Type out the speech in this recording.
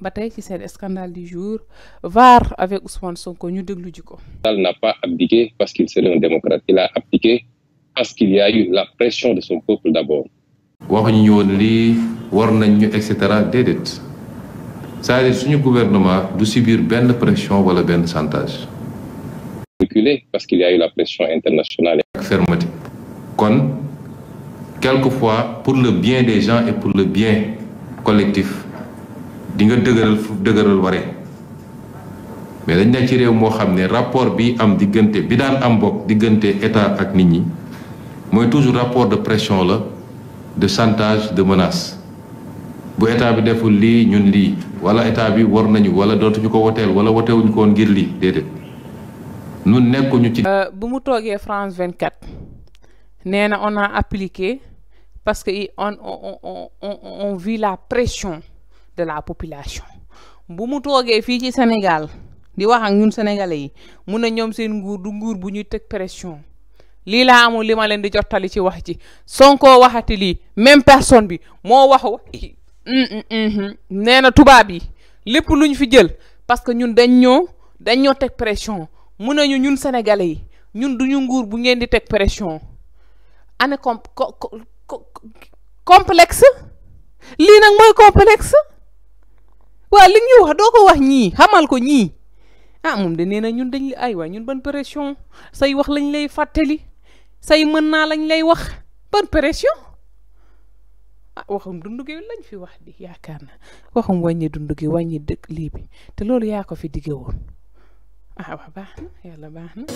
Bataille qui ci le scandale du jour VAR avec Ousmane Sonko ñu de du Il n'a pas abdiqué parce qu'il serait un démocrate il a abdiqué parce qu'il y a eu la pression de son peuple d'abord. On a woon ça, war cest gouvernement du subir une pression wala benn chantage. reculé parce qu'il y a eu la pression internationale. fermeté kon quelquefois pour le bien des gens et pour le bien collectif di nga dëgëral fu dëgëral waree mais dañ ne ci réew moo xam rapport bi am diggante bi daan am bok diggante état ak nit ñi moy toujours rapport de pression la de chantage de menace bu état bi deful li ñun li wala état bi war nañu wala dootuñu ñuko wotel wala wotewuñu ko ngir li déedéet ñun nekkuñu ci. euh bu mu toogee France 24 nee on a appliqué parce que on on on on on vit la pression de la population bu mu toogee ci Sénégal di wax ak ñun sénégalais yi mun na ñoom seen nguur du nguur bu pression lila laa amul li ma leen di jottali ci wax ci Sonko waxati li. même personne bi moo wax mm, mm, mm, nee na tubaab yi lépp lu ñu fi jël parce que ñun dañ ñoo dañ ñoo teg pression mun nañu ñun sénégalais yi ñun duñu nguur bu ngeen di teg pression. ana com lii nag mooy complexe waaw li ñuy wax doo ko wax ñii xamal ko ñii ah moom de nee na ñun dañ ay waay ñun ban pression say wax lañ lay fàttali say mën naa lañ lay wax ban pression ah waxum dund gi lañ fi wax di yaakaar na waxum wàññi dund gi wàññi dëkk lii bi te loolu yaa ko fi digge woon ah baax na yàlla baax na